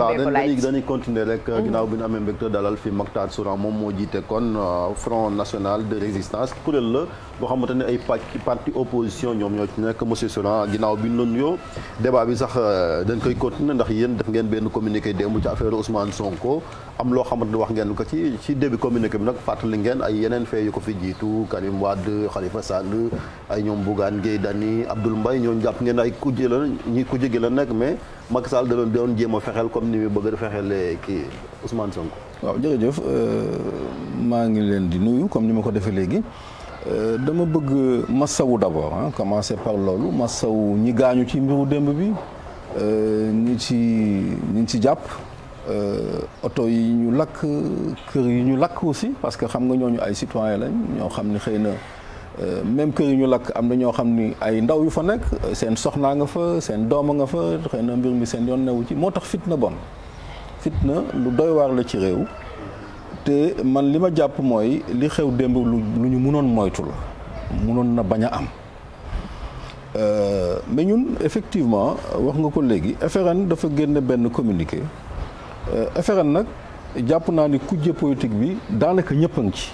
waaw dañuy dañuy continuer rek mm-hmm. ginnaaw bi ñu amee mbégte dalal fi Mactar Souran moom moo jiite kon euh, Front National de Résistance kuréel la boo xamante ne ay parti opposition ñoom ñoo ci nekk monsieur Souran ginnaaw bi ñu doon nuyoo débat bi sax euh, dañ koy continuer ndax yéen def ngeen benn communiqué démb ci affaire Ousmane Sonko am loo xamante ne wax ngeen ko ci ci début communiqué bi nag fàttali ngeen ay yeneen fee yu ko fi jiitu Karim Wade Khalifa Sall ay ñoom Bougane Gueye Dany Abdoul mbay ñooñu jàpp ngeen ay kujje la ñi kujje gi la nekk mais Macky Sall da doon jéema a fexeel comme ni mu bëgg a fexeel kii Ousmane Sonko. waaw jërëjëf euh, maa ngi leen di nuyu comme ni ma ko defee léegi. Euh, dama bëgg masawu d'abord ah commencer par loolu masawu ñi gaañu ci mbiru démb bi euh, ñi ci ñi ci jàpp euh, oto yi ñu lakk kër yi ñu lakk aussi parce que xam nga ñooñu ay citoyen lañ ñoo xam ni xëy na même kër yi ñu lakk am na ñoo xam ni ay ndaw yu fa nekk seen soxnaa nga fa seen dooma nga fa xëy na mbir mi seen yoon newu ci moo tax fitna bon fitna lu doy waar la ci réew te man li ma jàpp mooy li xew démb lu ñu mënoon moytu la mënoon na bañ a am euh, mais ñun effectivement wax nga ko léegi FRN dafa génne benn communiqué euh, FRN nag jàpp naa ni kujje politique bi daanaka ñëpp a ngi ci.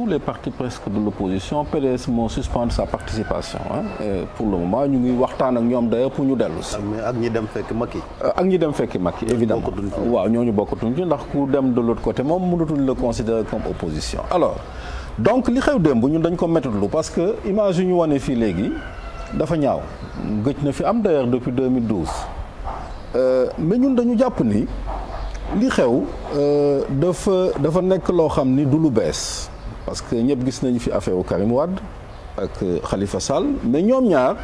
tous les partis presque de l'opposition PDS moo suspendre sa participation hein et euh, pour le moment ñu ngi waxtaan ak ñoom d'ailleurs pour ñu dellu si. ak ñi dem fekk Macky. Euh, ak ñi dem fekk Macky évidemment waaw ñooñu bokkatuñ ci ndax ku dem de l'autre côté moom mënatuñ le considérer comme opposition alors donc li xew démb ñun dañ ko métitlu parce que image yu ñu wane fii léegi dafa ñaaw gëj na fi am d'ailleurs depuis 2012 euh, mais ñun dañu jàpp ni li xew dafa dafa nekk loo xam ni du lu bees parce que ñëpp gis nañu fi affaire Karim Wade ak xalifa euh, Sall mais ñoom ñaar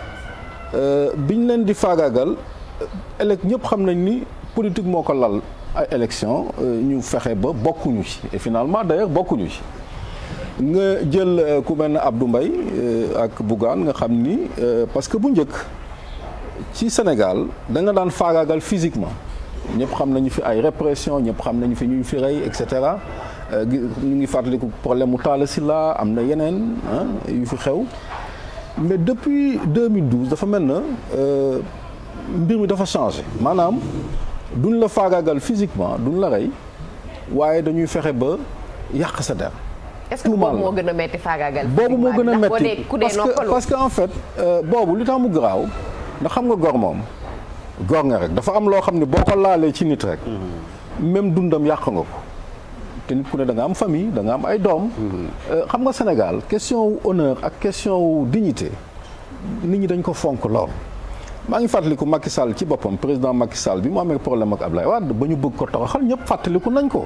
euh, biñ leen di faagaagal élec euh, ñëpp xam nañ ni politique moo ko lal ay élection ñu fexe ba bokkuñu ci et finalement d'ailleurs bokkuñu ci nga jël ku mel ne mbay Mbaye ak Bougane nga xam ni parce que bu njëkk ci Sénégal da daan faagaagal physiquement ñëpp xam nañu fi ay répression ñëpp xam nañu fi ñuy fi rey et cetera ñu ngi fàttaliku problème mu si laa am na yeneen ah, yu fi xew mais depuis 2012 dafa mel na euh, mbir mi dafa changé maanaam duñ la faagaagal physiquement duñ la rey waaye dañuy fexe ba yàq sa der. est-ce boobu moo gën a metti faagaagal. boobu moo gën a metti parce que parce que en fait euh, boobu li tax mu ndax xam nga gor moom gor nga rek dafa am loo xam ne boo ko laalee ci nit rek. Mm-hmm. même dundam yàq nga ko. te nit ku ne da am famille danga am ay doom. Euh, xam nga Sénégal question wu honneur ak question wu dignité nit ñi dañ ko fonk lool. maa ngi fàttaliku Macky Sall ci boppam président Macky bi mu amee problème ak lay Wade ba ñu bëgg ko xal ñëpp fàttaliku nañ ko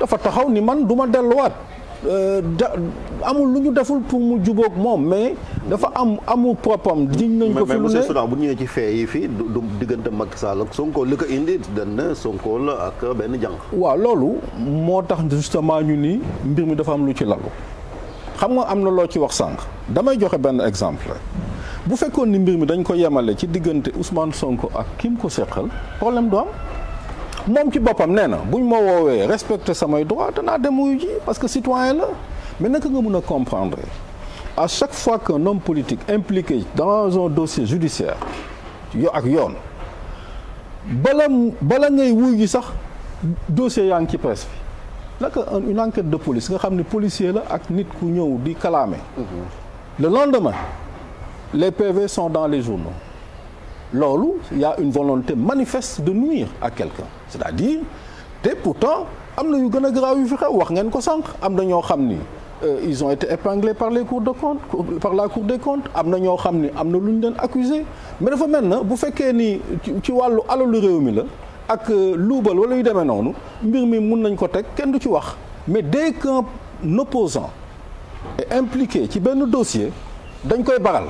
dafa taxaw ni man du ma delluwaat. Euh, da amul lu ñu deful pour mu jubook moom mais. dafa am amul propam jiñ nañ ko fi ne mais monsieur Soudan bu ñu ñëwee ci fee yi fii du diggante Macky Sall ak Sonko li ko indi den ne Sonko la ak benn jànq. waaw loolu moo tax justement ñu ni mbir mi dafa am lu ci lalu xam nga am na loo ci wax sànq damay joxe benn exemple bu fekkoon ni mbir mi dañ ko yemale ci diggante Ousmane Sonko ak mu ko seqal problème du am. moom ci boppam nee na buñ ma woowee respecter samay droit danaa dem wuyu parce que citoyen la mais naka nga mun a comprendre à chaque fois que nom politique impliqué dans un dossier judiciaire yo ak yoon bala bala ngay wuyu ji sax dossier yaa ngi ci presse bi naka une enquête de police nga xam ne policier la ak nit ku ñëw di kalaame mm-hmm. le lendemain les PV sont dans les journaux loolu y a une volonté manifeste de nuire à quelqu'un c'est-à-dire te pourtant am na yu gën a garaaw yu fi xew wax ngeen ko sànq am na ñoo xam ni euh, ils ont été épinglés par les cours de compte par la cour des comptes am na ñoo xam ni am na lu ñu leen accusé mais dafa mel na bu fekkee ni ci wàllu alalu réew mi la ak euh, luubal wala yu demee noonu mbir mi mun nañ ko teg kenn du ci wax mais dès qu'un opposant est impliqué ci benn dossier dañ koy baral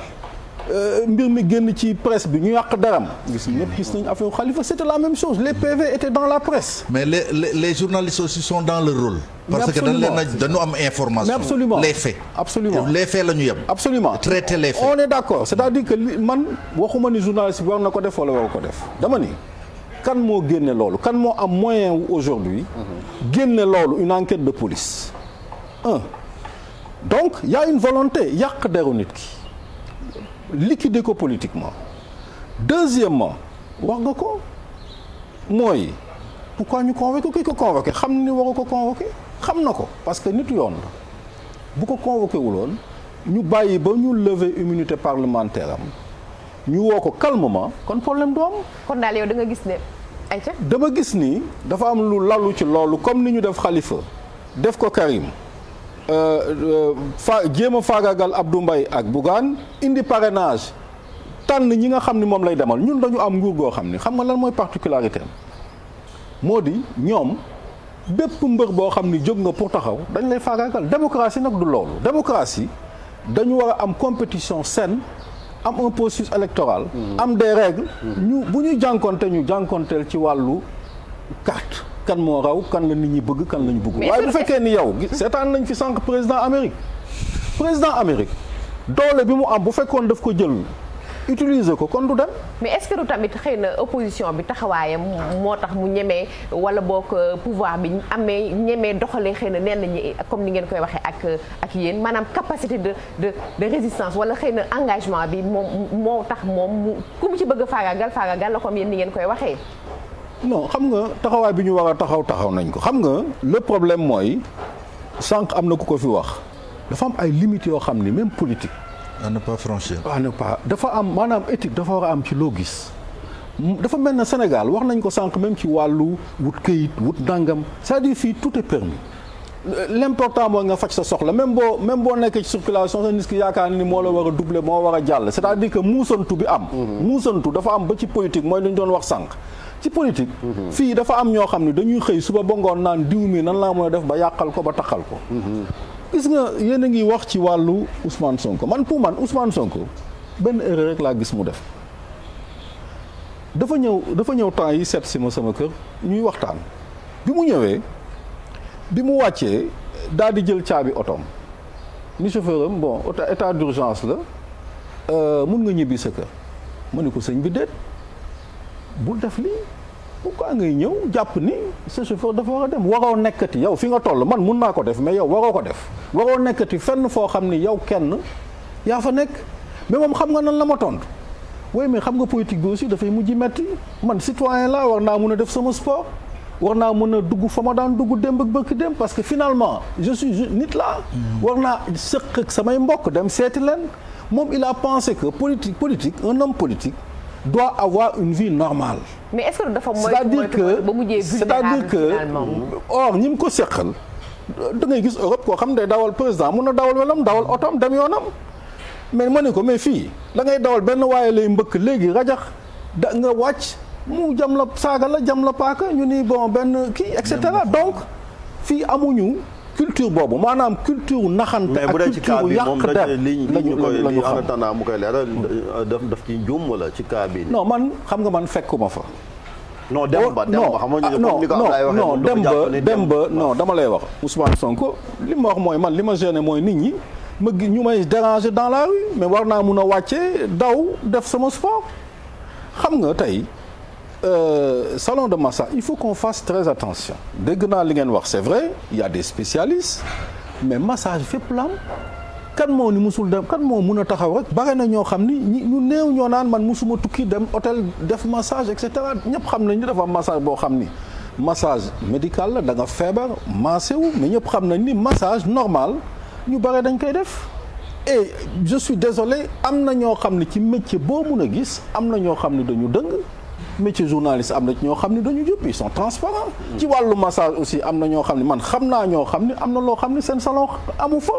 Euh, mbir mi génn ci presse bi ñu yàq daram. gis ñëpp gis nañu affaire Khalifa c'était la même chose les PV étaient dans la presse. mais les les, les journalistes aussi sont dans leur rôle. parce que dañu am information. les faits. absolument les faits la ñu yem. absolument traiter les faits. on est d'accord c'est-à-dire que man waxuma ni journaliste bi war na ko def wala war ko def dama ni. kan moo génne loolu kan moo am moyen wu aujourd'hui génne loolu une enquête de police donc a une volonté yàq deru nit liquider ko politiquement deuxièmement wax nga ko mooy pourquoi ñu convoqué ki ko convoqué xam na ni waru ko convoqué xam na ko parce que nit yoon la bu ko convoqué ñu bàyyi ba ñu lever immunité parlementaire am ñu woo ko calmement kon problème du am. kon daal yow da gis ne ayca. dama gis ni dafa am lu lalu ci loolu comme ni ñu def xalifa def ko Karim. Euh, euh, fa jéem a faagaagal Abdou Mbaye ak Bougane indi parrainage tànn ñi nga xam ni moom lay demal ñun dañu am nguur goo xam ni xam nga lan mooy particularité am moo di ñoom bépp mbër boo xam ni jóg nga pour taxaw dañ lay faagaagal démocratie nag du loolu démocratie dañu war a am compétition saine am un processus électoral mm-hmm. am des règles mm-hmm. bu ñuy jànkoonte ñu jànkoonteel ci wàllu carte kan moo raw kan la nit ñi bëgg kan la ñu bëgg. waaye bu fekkee ni yow seetaan nañ fi sànq président Amérique président Amérique doole bi mu am bu fekkoon daf ko jël. utiliser ko kon du dem. mais est-ce tamit xëy na opposition bi taxawaayam moo tax mu ñemee wala boog euh, pouvoir bi amee ñemee doxalee xëy na neen ñi comme ni ngeen koy waxee ak euh, ak yéen maanaam capacité de de résistance wala xëy na engagement bi moom moo tax moom mu ku mu ci bëgg a faagaagal faagaagal la yéen ni ngeen koy waxee. non xam nga taxawaay bi ñu war a taxaw taxaw nañ ko xam nga le problème mooy sànq am na ku ko fi wax dafa am ay limites yoo xam ni même politique. à ne pas franchir. à ne dafa am maanaam éthique dafa war a am ci loo gis. dafa mel na Sénégal wax nañ ko sanq même ci wàllu wut këyit wut ndàngam c'est-à-dire fii tout est permis l'important mooy nga faj sa soxla même boo même boo nekkee ci circulation sa nit ki yaakaar ni moo la war a doubler moo war a jàll c'est-à-dire que muusantu bi am. Mhm. muusantu dafa am ba ci politique mooy lu doon wax sànq. ci politique. fii dafa am ñoo xam ne dañuy xëy suba ba ngoon naan diw mi nan laa mën a def ba yàqal ko ba taxal ko. gis nga yéen a ngi wax ci wàllu Ousmane Sonko man pour man Ousmane Sonko benn erreur rek laa gis mu def. dafa ñëw dafa ñëw temps yi seet si ma sama kër ñuy waxtaan bi mu ñëwee bi mu wàccee daal di jël caabi otom ni chauffeur am bon état d'urgence la euh, mun nga ñibbi sa kër ma ne ko sëñ bi déet. bul def lii pourquoi ngay ñëw jàpp ni ce chauffeur dafa war a dem waroo nekkati yow fi nga toll man mun naa ko def mais yow waroo ko def waroo nekkati fenn foo xam ni yow kenn yaa fa nekk mais moom xam nga nan la ma tontu oui mais xam nga politique bi aussi dafay mujj metti man citoyen laa war naa mun a def sama sport war naa mën a dugg fa ma daan dugg démb ak bëkk démb parce que finalement je suis nit laa mm-hmm. war naa sëq ak samay mbokk dem seeti leen moom il a pensé que politique politique un homme politique doit avoir une vie normale. mais est-ce que dafa c'est-à-dire que cest or ñi mu ko seqal da gis Europe koo xam ne dawal président mun a dawal welam dawal otoom dem yoonam mais ma ne ko mais fii da ngay dawal benn waaye lay mbëkk léegi rajax da nga wàcc mu jam la saaga la jam la paaka ñu ni bon benn kii et donc fii amuñu. culture boobu maanaam culture naxante ak culture yàq der lañu lañu xam attendant mu koy leeral daf daf ci wala ci cas bi non man xam nga man fekkuma fa non dem ba dem ba xam nga ni ko oh, Abdoulaye waxee non dem ba dem ba non dama lay wax Ousmane Sonko li ma wax mooy man li ma gêné mooy nit ñi ma ñu may déranger dans la rue mais war naa mun a wàcce daw def sama sport xam nga tey euh, salon de Massa il faut qu'on fasse très attention dégg naa li ngeen wax c'est vrai il y a des spécialistes mais massage fépp la kan moo ni musul dem kan moo mun a taxaw rek bare na ñoo xam ni ñu néew ñoo naan man musuma tukki dem hôtel def massage et cetera ñëpp xam nañ ni dafa massage boo xam ni massage médical la da nga feebar massé wu mais ñëpp xam nañ ni massage normal ñu bare dañ koy def. et je désolé am na ñoo xam ne ci métier boo mun a gis am na ñoo xam ne dañu dëng. métier journaliste am na ci ñoo xam ne dañu jub ils sont transparents ci wàllu massage aussi am na ñoo xam ne man xam naa ñoo xam ne am na loo xam ne seen salon amu fa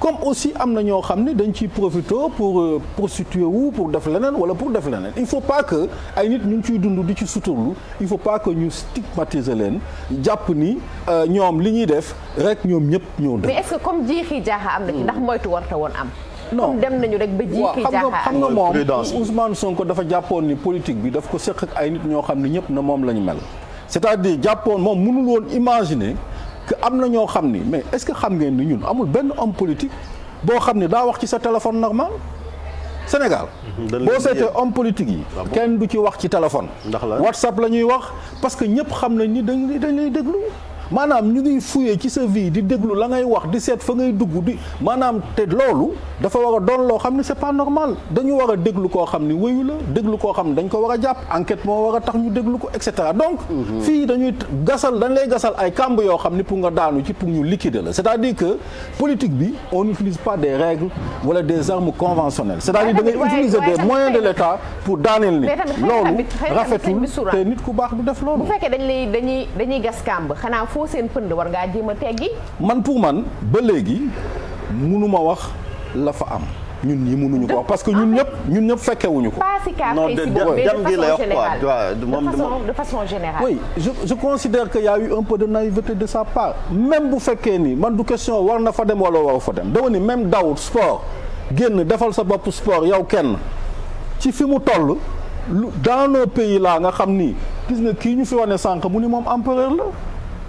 comme aussi am na ñoo xam ne dañ ciy profité pour euh, prostituer wu pour def leneen wala pour def leneen il faut pas que ay nit ñu ngi ciy dund di ci suturlu il faut pas que ñu stigmatiser leen jàpp ni euh, ñoom li ñuy def rek ñoom ñëpp ñoo def mais est-ce que comme jiixi jaaxa am na ci ndax moytu warta woon am non dem nañu rek ba jiiki jaaxaar xam nga moom Ousmane Sonko dafa jàppoon ni politique bi ko seq ay nit ñoo xam ne ñëpp na moom la ñu mel c'est-à-dire jàppoon moom mënul woon imaginer que am na ñoo xam ni mais est-ce que xam ngeen ni ñun amul benn homme politique boo xam ne daa wax ci sa téléphone normal Sénégal mhm, boo seetee homme yi ah kenn du ci wax ci téléphone WhatsApp la ñuy wax parce que ñëpp xam nañ ni dañ dañ lay déglu maanaam ñu ngi fuyee ci sa vie di déglu la ngay wax di seet fa ngay dugg di maanaam te loolu dafa war a doon loo xam ne c'est pas normal dañu war a déglu koo xam ni wéyu la déglu koo xam ne dañ ko war a jàpp enquête moo war a tax ñu déglu ko et cetera donc mhm. fii dañuy gasal dañ lay gasal ay kàmb yoo xam ni pour nga daanu ci pour ñu liquider la c'est-à-dire que politique bi on n'utilise pas des règles wala des armes conventionnelles c'est-à-dire da ngay utiliser des moyens de l'État pour daaneel ni loolu rafetul te nit ku baax du def loolu dañ lay dañuy dañuy gas kàmb xanaa foo seen pënd war ngaa jéem a teggi man pour man ba léegi munu ma wax la fa am ñun ñi munuñu ko wax parce que ñun ñëpp ñun ñëpp fekkewuñu ko. non de dem gi la wax quoi de façon générale. oui je je considère que y a eu un de naïveté sa part même bu fekkee ni man du question war na fa dem wala war fa dem dama même daw sport génn defal sa bopp sport yow kenn ci fi mu toll lu dans nos pays nga xam ni gis nga kii ñu fi wane sànq mu ni moom empereur la.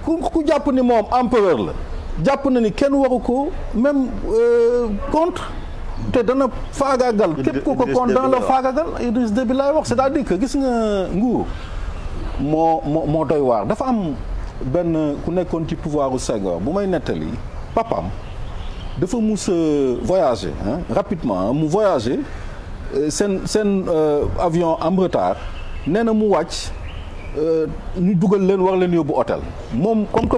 ku ku jàpp ni moom empereur la jàpp na ni kenn waru ko même euh, contre te dana faagaagal képp ku ko contre dana la faagaagal Idriss Déby laay wax c'est-à-dire que gis nga nguur moo moo doy waar dafa am benn ku nekkoon ci pouvoiru Senghor bu may nettali papam dafa mus voyager rapidement mu voyager euh, seen seen euh, avion am retard nee na mu wàcc Euh, ñu dugal leen war leen yóbbu hôtel moom comme que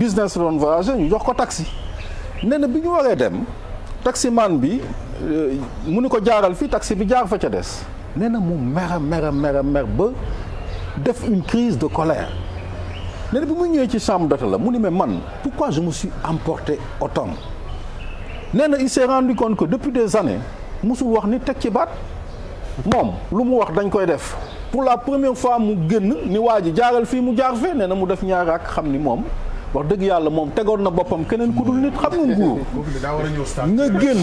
business la doon voyagé ñu jox ko taksi nee na bi ñu waree dem taximan bi euh, mu ni ko jaaral fii taxi bi jaar fa ca des nee na mu mer mer mer mer ba def une crise de colère nee na bi mu ñëwee ci chambre d'hôtel la mu ni mais man pourquoi je me suis emporté autant nee na il s'est rendu compte depuis des années musu wax ni teg ci baat moom lu mu wax dañ koy def pour la première fois mu génn ni waa ji jaaral fii mu jaar fee nee na mu def ñaar ak xam ni moom wax dëgg yàlla moom tegoon na boppam keneen ku dul nit xam nga nguur. nga génn.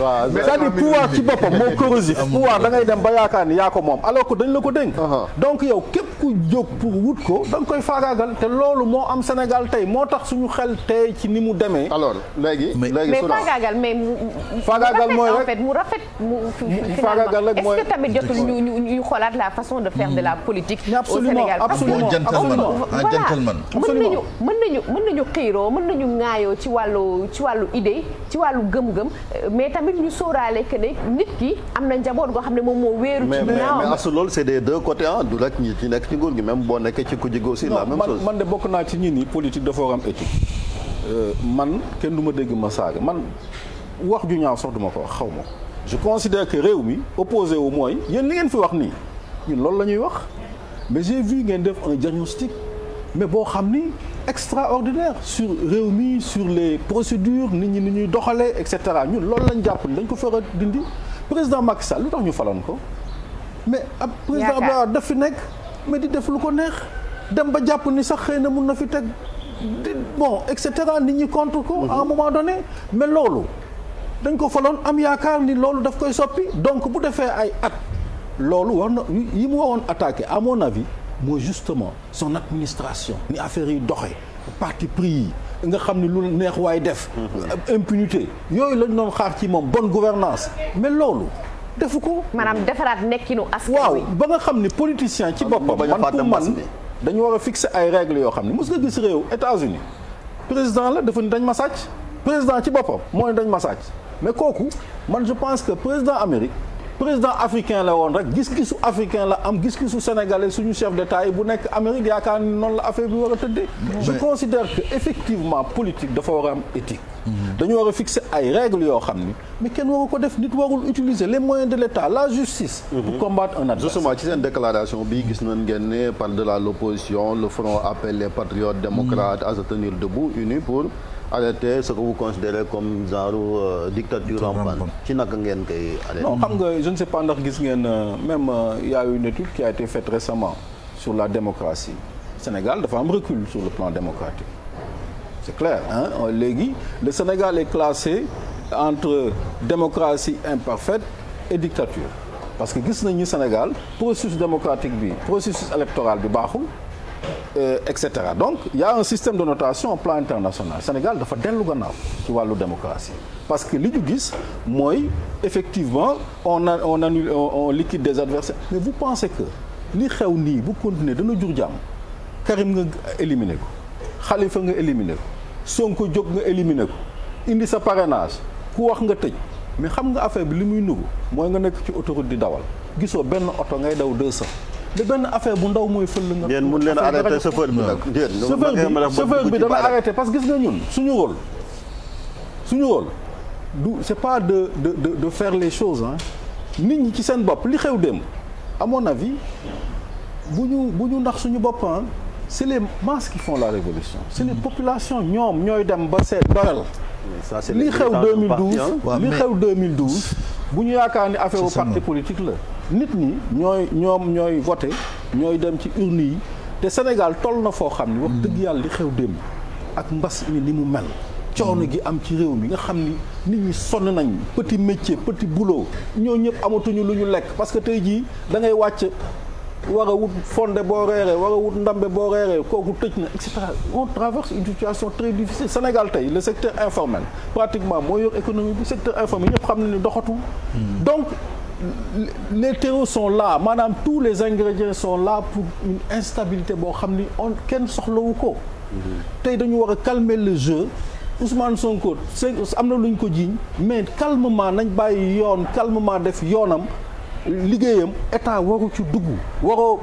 waaw c'est-à-dire pouvoir ci boppam moo corrosif. pouvoir da ngay dem ba yaakaar ni yaa ko moom alors que dañ la ko dénk. Uh-huh. donc yow képp ku jóg pour wut ko da nga koy faagaagal te loolu moo am Sénégal tey moo tax suñu xel tey ci ni mu demee. alors léegi. léegi su faagaagal mais faagaagal mooy rek mu rafet mu faagaagal rek mooy est-ce que tamit jotul ñu ñu xoolaat la façon de faire de la hmm. politique. au Sénégal voilà gentleman mën nañu mën nañu mën nañu xiiroo mën nañu ŋaayoo ci wàllu ci wàllu idée ci wàllu gëm-gëm euh, mais tamit ñu sóoraale que ne nit ki am na njaboot goo xam ne moom moo wéeru ci ginnaaw mais asu loolu c'est des deux côtés ah du rek ñi ci nekk ci nguur gi même boo nekkee ci ku jig aussi la man de bokk naa ci ñi ni politique dafa am éthique euh, man kenn du ma dégg ma saaga man wax ju ñaaw sax duma ko wax xaw ma je considère que réew mi opposé wu mooy yéen li ngeen fi wax nii ñun loolu la ñuy wax mais j'ai ngeen def un diagnostic mais boo xam ni extraordinaire sur réew mi sur les procédures nit ñi ni ñuy doxalee et cetera ñun loolu lañu jàpp ni dañ ko fara dindi président Macky Sall lu tax ñu faloon ko mais ab président Abdoulaye Wade daf fi nekk mais di def lu ko neex dem ba jàpp ni sax xëy na mun na fi teg bon et cetera nit ñi contre ko à un moment donné mais loolu dañ ko faloon am yaakaar ni loolu daf koy soppi donc bu defee ay at loolu war na yi mu waroon attaqué à mon avis mooy justement son administration ni affaire yi doxee parti pris yi nga xam ne lu neex waaye def mhm. impunité yooyu lañ doon xaar ci moom bon gouvernance mais loolu defu ko maanaam defaraat nekkinu askan waaw ba nga xam ne politicien ci boppam man pour man dañu war a fixer ay règles yoo xam ne mos nga gis réew États-Unis président la dafa ni dañ ma sàcc président ci boppam moo ne dañ ma sàcc mais kooku man je pense que président Amérique président africain la woon rek gis-gisu africain la am gis-gisu sénégalais suñu chef d'état yi bu nekk Amérique yaakaar ni noon la affaire bi war a tëddee je considère que effectivement politique dafa war a am éthique mhm. dañu war a fixer ay règles yoo xam ni mais kenn waru ko def nit warul utiliser les moyens de l'état la justice pour mhm. combattre un adversaire justement bi gis nañ ngeen ne par delà l'opposition le front appelle les patriotes démocrates à se tenir debout unis pour arrêté ce que vous considérez comme genre euh, dictature en ci naka ngeen koy arrêté non xam ne sais pas ndax gis ngeen euh, même il euh, y a une étude qui a été faite récemment sur la démocratie Sénégal dafa am recul sur le plan démocratique c'est clair hein léegi le Sénégal est classé entre démocratie imparfaite et dictature parce que gis nañu Sénégal processus démocratique bi processus électoral bi baaxul euh, cetera donc il y système de notation au plan international Sénégal dafa dellu gannaaw ci wàllu démocratie parce que li ñu gis mooy effectivement on a on on, liquide des adversaires mais vous pensez que li xew nii bu continuer dana jur jàmm Karim nga éliminer ko xalifa nga éliminer ko Sonko jóg nga éliminer ko indi sa parrainage ku wax nga tëj mais xam nga affaire bi li muy nugg mooy nga nekk ci autoroute di dawal gisoo benn oto ngay daw 200. da benn affaire bu ndaw mooy fël nga. yéen mun leen a arrêté chauffeur bi nag. bi chauffeur bi parce que gis nga ñun suñu rôle. suñu rôle du c'est pas de de de de faire les choses nit ñi ci seen bopp li xew dem à mon avis bu ñu bu ñu ndax suñu bopp ah c'est les masses qui font la révolution c'est les populations ñoom ñooy dem ba seet doyal. li xew 2012 li xew 2012 bu ñu yaakaar ni affaire parti politique la. nit ñi ñooy ñoom ñooy voté ñooy dem ci urne yi te Sénégal toll na foo xam ni wax dëgg mm. yàlla li xew démb ak mbas mi ni mu mel coono mm. gi am ci réew mi nga xam ni nit ñi sonn nañ petit métier petit boulot ñoo ñëpp amatuñu lu ñu lekk parce que tey jii da ngay wàcc wara a wut fonde boo reeree war a wut ndambe boo reeree kooku tëj na et cetera on traverse une situation très difficile Sénégal tey le secteur informel pratiquement mooy yor économie bi secteur informel ñëpp xam ne ni doxatul mm. les son la maanaam tous les ingrédients sont là pour une instabilité boo xam ni on kenn soxlawu ko. tey dañu war a calmer le jeu Ousmane Sonko am na lu ñu ko jiiñ mais calmement nañ bàyyi yoon calmement def yoonam. liggéeyam état waru ci dugg waroo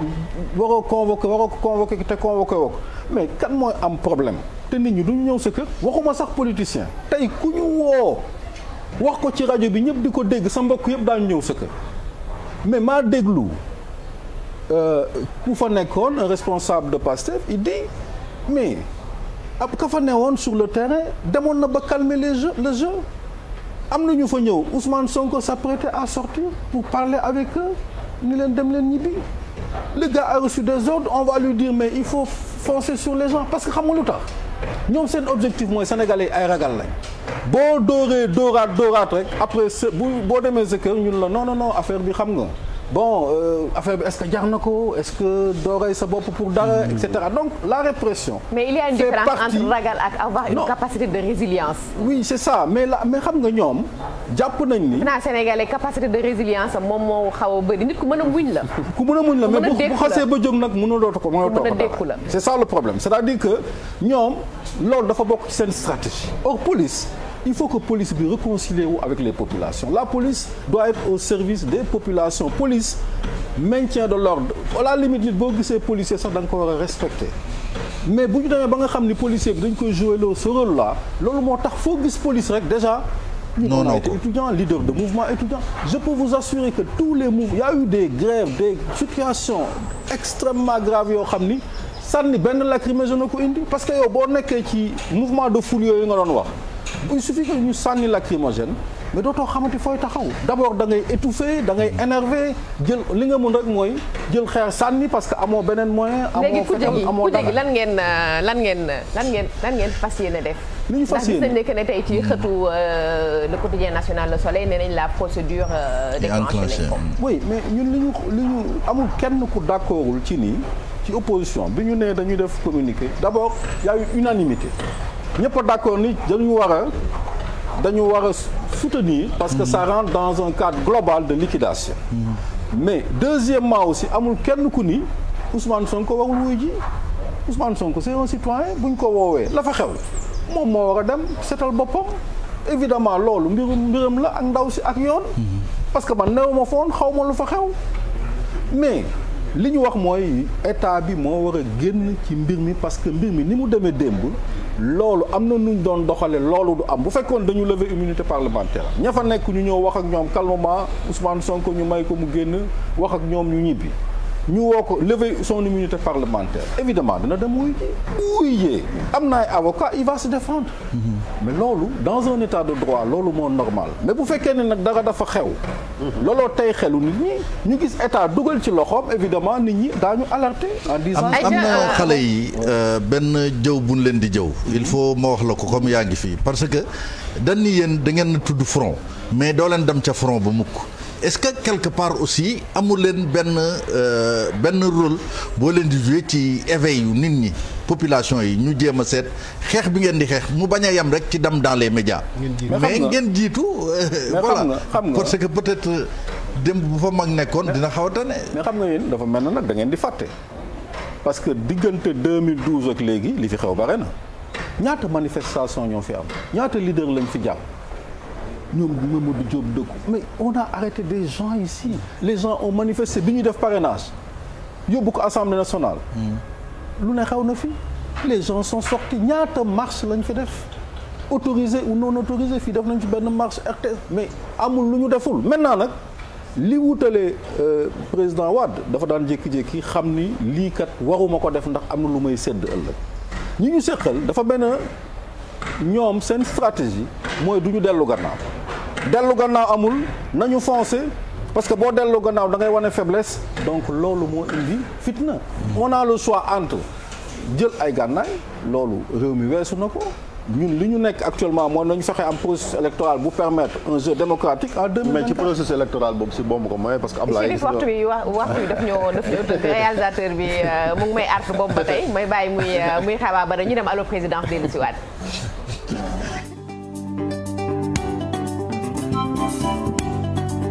waroo convoqué waroo ko convoqué te convoqué ko mais kan mooy am problème te nit ñi duñu ñëw sa kër waxuma sax politicien tey ku ñu woo wax ko ci rajo bi ñëpp di ko dégg sa mbokk yëpp daañu ñëw sa kër mais maa déglu euh, ku fa nekkoon un responsable de Pastef il dit mais ab ka fa newoon sur le terrain demoon na ba calmer les jeux le jeu am na ñu fa ñëw Ousmane Sonko s'apprêtait à sortir pour parler avec eux ni leen dem leen ñibbi le gars a reçu des ordres on va lui dire mais il faut foncer sur les gens parce que xam nga lu tax ñoom seen objectif mooy sénégalais ay ragal lañ boo dóoree dóoraat dóoraat rek après boo demee sa kër ñun la non non non affaire bi xam nga bon euh, affaire bi est-ce que na ko est-ce que doo sa bopp pour dara et cetera hmm. donc la répression. mais il y a une différence entre ragal ak avoir une capacité de résilience. oui c'est ça mais la mais xam nga ñoom jàpp nañ ni. naa Sénégalais capacité de résilience am moom moo xaw a bëri nit ku mën a muñ la. ku mën a muñ la mais bu xasee ba jóg nag mënul dootu ko mënul toog dara la. c'est ça le problème c'est-à-dire que ñoom loolu dafa bokk ci seen stratégie or police. il faut que police bi réconcilier wu avec les populations la police doit être au service des populations police maintien de l'ordre à la limite nit boo gisee policier sax da nga ko war a respecter mais bu ñu demee ba nga xam ni policier bi dañ koy jouer loo ce rôle là loolu moo tax foo gis police rek déjà non non été étudiant leader de mouvement étudiant je peux vous assurer que tous les mouvements il y a eu des grèves des situations extrêmement graves yoo xam ni sànni benn lacrymogène na ko indi parce que boo nekkee ci mouvement de foule yooyu nga doon wax il suffit que ñu sànni lacrymogène mais dootoo xamante fooy taxaw d' abord da ngay da ngay énervé jël li nga mën rek mooy jël xeer sànni parce que amoo beneen moyen. amoo fetal amoo dara léegi lan ngeen euh, lan ngeen lan ngeen lan ngeen fas yéene def. li ñu fas yéene ndax gis nañ ne tey ci xëtu euh, le quotidien national le soleil nee nañ la procédure. Euh, déclenchée nañ ko oui mais ñun li ñu li ñu amul kenn ku d' accordul ci nii ci opposition bi ñu nee dañuy def communiqué d' abord y' a unanimité ñëpp a d'accord ni dañu war a dañu war a soutenir parce que ça rentre dans un cadre global de liquidation mm-hmm. mais deuxièmement aussi amul kenn ku ni Ousmane Sonko warul wuy ji Ousmane Sonko c'est un citoyen bu ñu ko woowee la fa xew moom moo war a dem seetal boppam évidemment loolu mbirum mbiram la ak ndaw si ak yoon mm-hmm. parce que man néew ma foon xaw ma lu fa xew mais li ñu wax mooy état bi moo war a génn ci mbir mi parce que mbir mi ni mu demee démb loolu am na nuñ doon doxale loolu du am bu fekkoon dañu lever immunité parlementaire ña fa nekk ñu ñëw wax ak ñoom calmement Ousmane sonk ñu may ko mu génn wax ak ñoom ñu ñibbi. ñu ko lever son immunité parlementaire évidemment dina dem wuy am na ay avocat il mhm. loolu dans un de droit loolu moo normal mais bu fekkee ne nag dara dafa xew mhm. looloo tey xelu nit ñi ñu gis état dugal ci loxoom évidemment nit ñi daañu alerte en disant am na xale yi euh, benn jëw bu leen di jëw il faut ma wax la ko comme yaa ngi fii parce que dañ ni yéen da ngeen tudd front mais doo leen dem ca front ba mukk est-ce que quelque part aussi amul leen benn euh, benn rôle boo leen di jouer ci éveil yu nit ñi population yi ñu jéem a seet xeex bi ngeen di xeex mu bañ a yem rek ci dem dans les médias. mais ngeen jiitu. Euh, voilà parce que peut-être euh, démb bu fa mag nekkoon dina xaw a tane. xam nga yéen dafa mel na nag da ngeen di fàtte parce que diggante 2012 ak léegi li fi xew bare na ñaata manifestation ñoo fi am ñaata leader lañ fi jàpp. ñoom Mamadou Diop dëkku mais on a arrêté des gens ici les gens ont manifesté bi ñuy def parrainage yóbbu ko assemblée nationale hmm. lu ne xew na fi les gens sont sortis ñaata marche lañ fi def autoriser ou non fii def nañ fi benn marche RTS mais amul lu ñu deful maintenant nag li wutale euh, président Wade dafa daan jékki-jékki xam ni lii kat waruma ko def ndax am na lu may sédd ëllëg ñi ñu séqal dafa benn ñoom seen stratégie mooy du ñu dellu gannaaw dellu gannaaw amul nañu foncer parce que boo dellu gannaaw da ngay wane faiblesse donc loolu moo indi fitna. on naa le choix entre jël ay gànnaay loolu réew mi weesu na ko. ñun li ñu nekk actuellement mooy nañu fexe am processus électoral bu permettre un jeu démocratique en 2024 mais ci processus électoral boobu si bomb ko mooy parce que. Ablaye Chérif waxtu bi waxtu bi bi euh, mu ngi may artu boobu ba tey may bàyyi muy euh, muy xabaar ba ñu dem allo présidence dellu si waat.